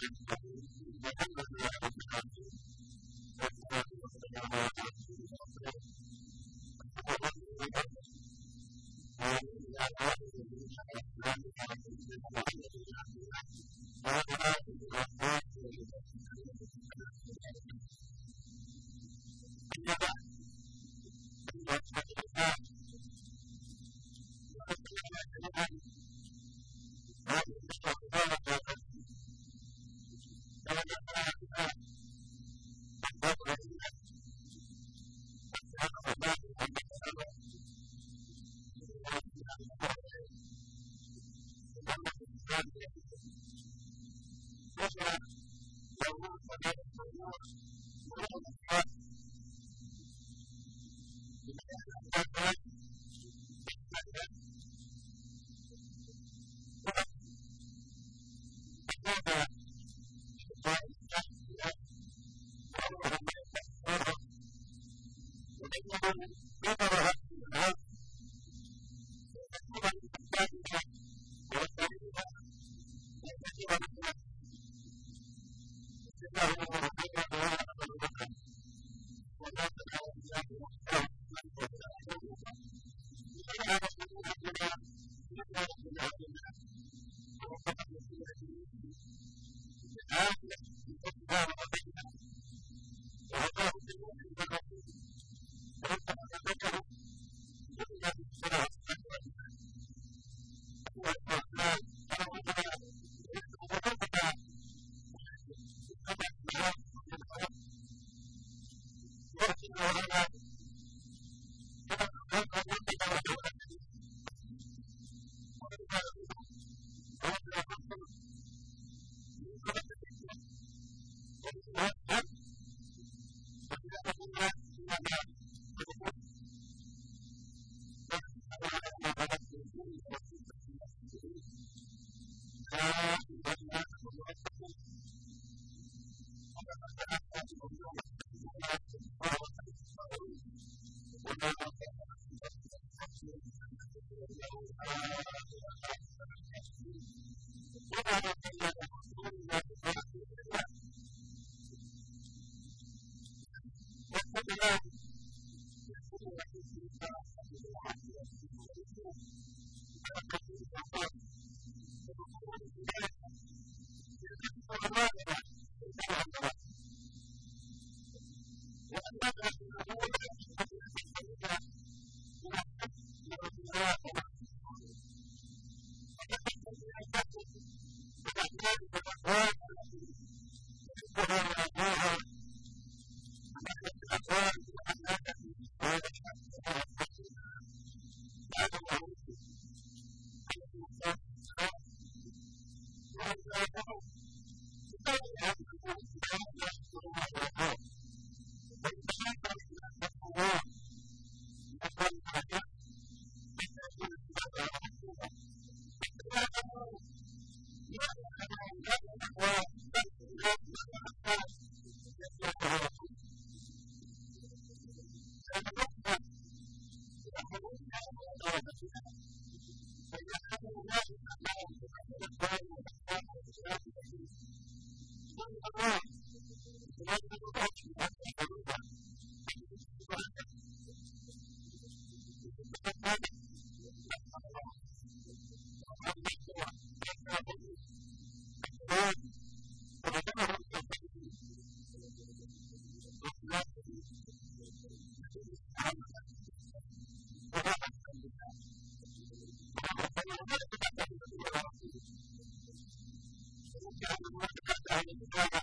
Thank you. Thank you. Thank you.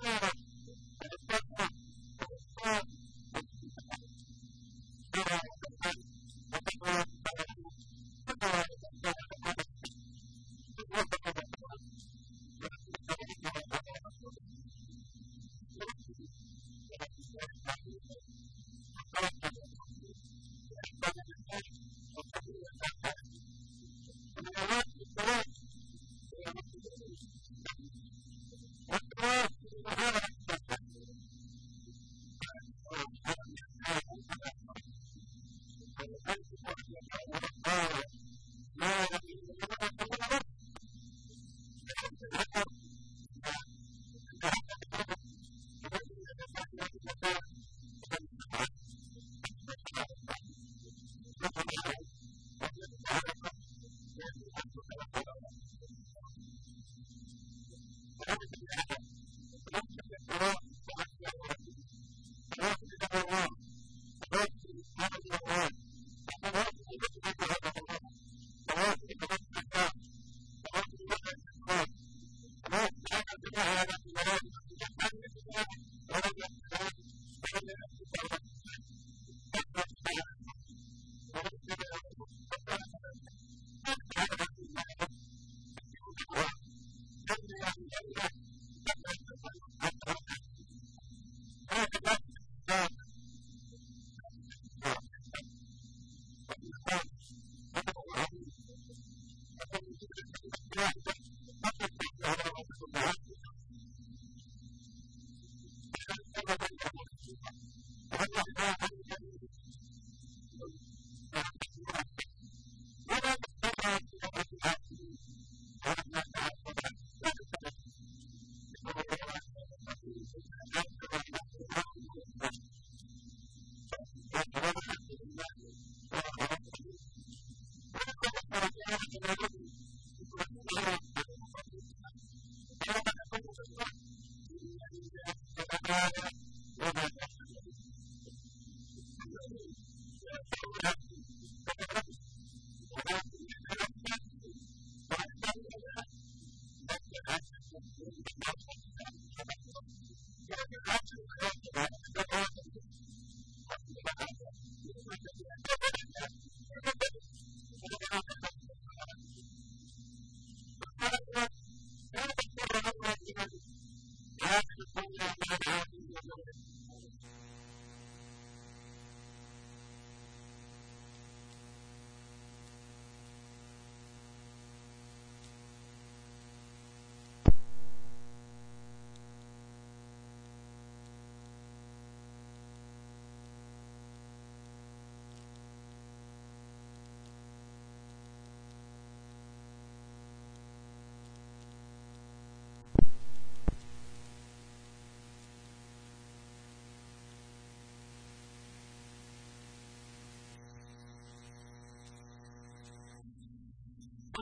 Thank you.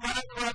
Thank you.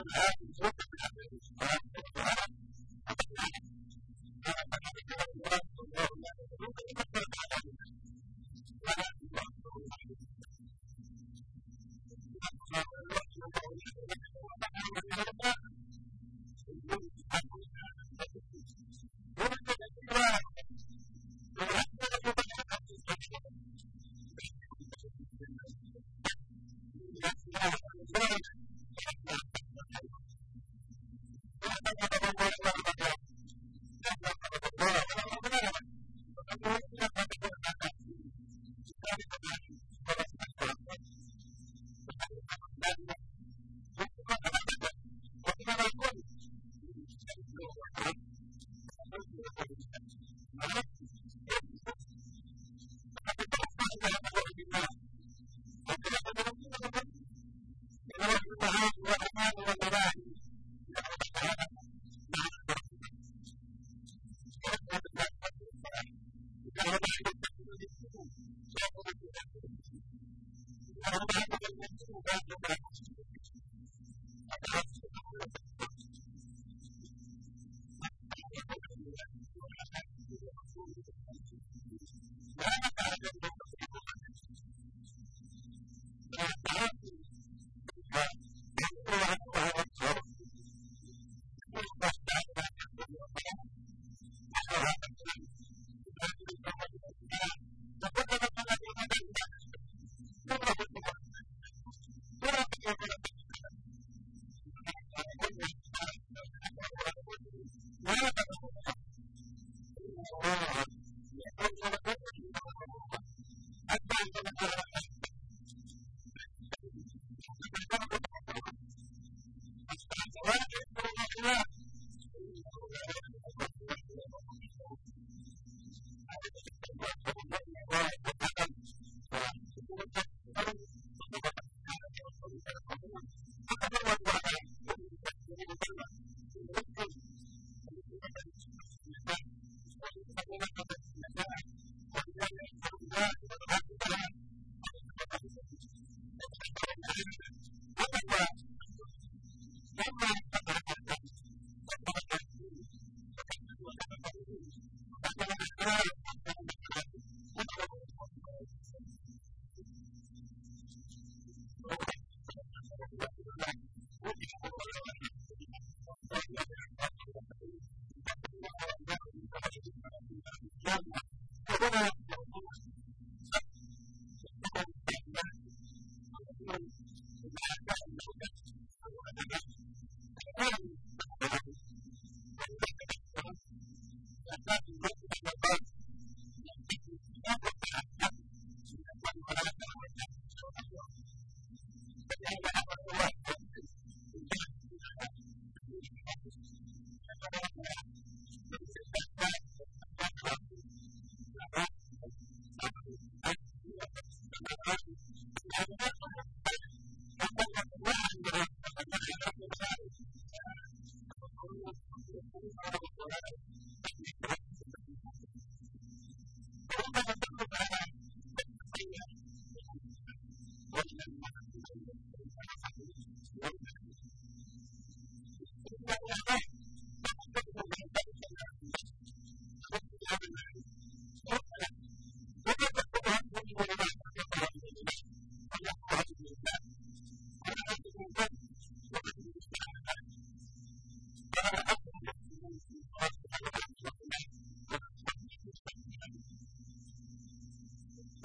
an act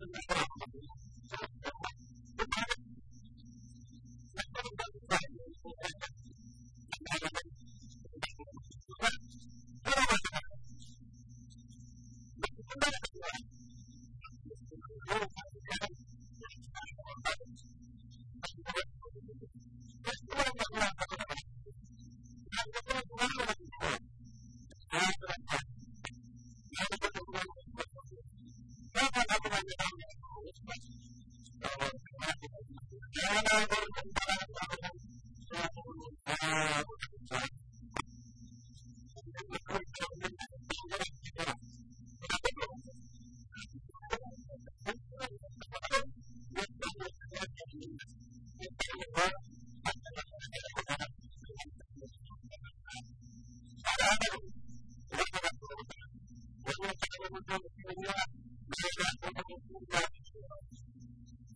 the problem